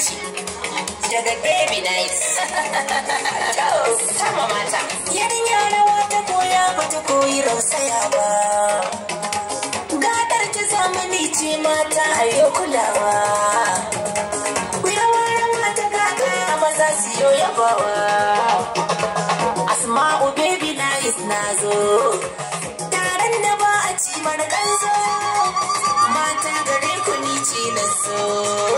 ce daga baby nice sama mata ta koya ba ta koyi rausaya ba gadar ta ce mata a yau kulawa kuyawaran mata gata a maza su yau yabawa asma'u baby nice na zo taron da ba a ci mana kanzo mata gare ku ni ce na so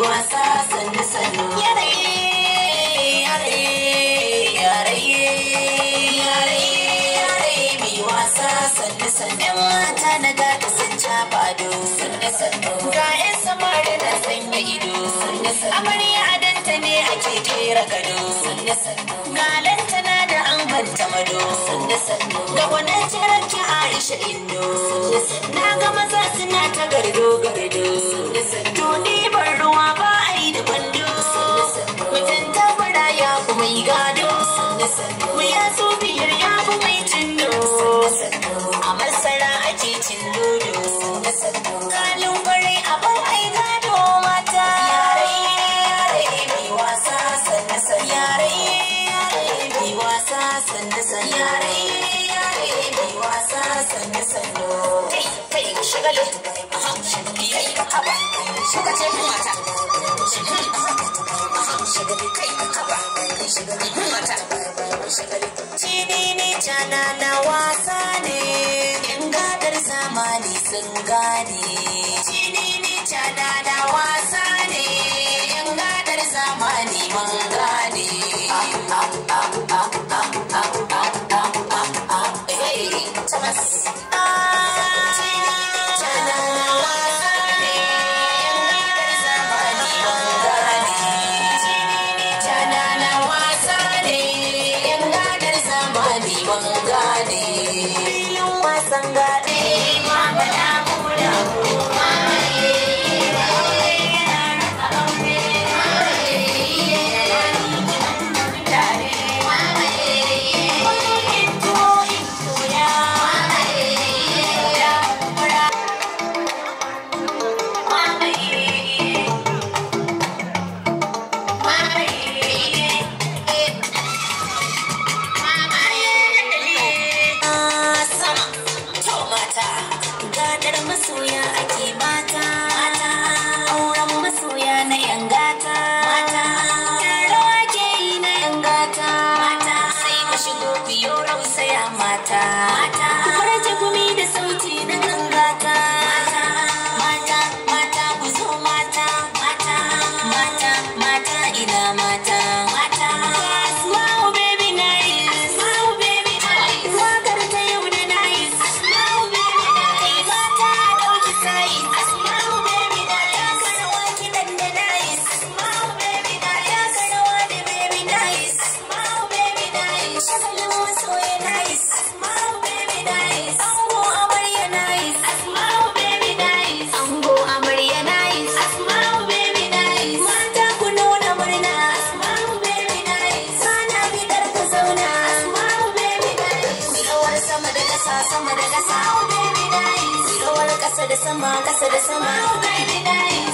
wasa sannu sannu wasa sannu sannu yan mata na ga sun caba ado sannu sannu yan samari na sanya ido sannu sannu amarya adanta ne ake jera gado sannu sannu ta mado sannu sannu da wani jiran ki aisha indo na ga maza suna ta gardo gardo to ni ban ruwa ba shiga ce mata shagali kai kaba shagali na wasa ne zamani gane cini na wasa ne yan gadar zamani mun i saya my time. the summer, that's the summer.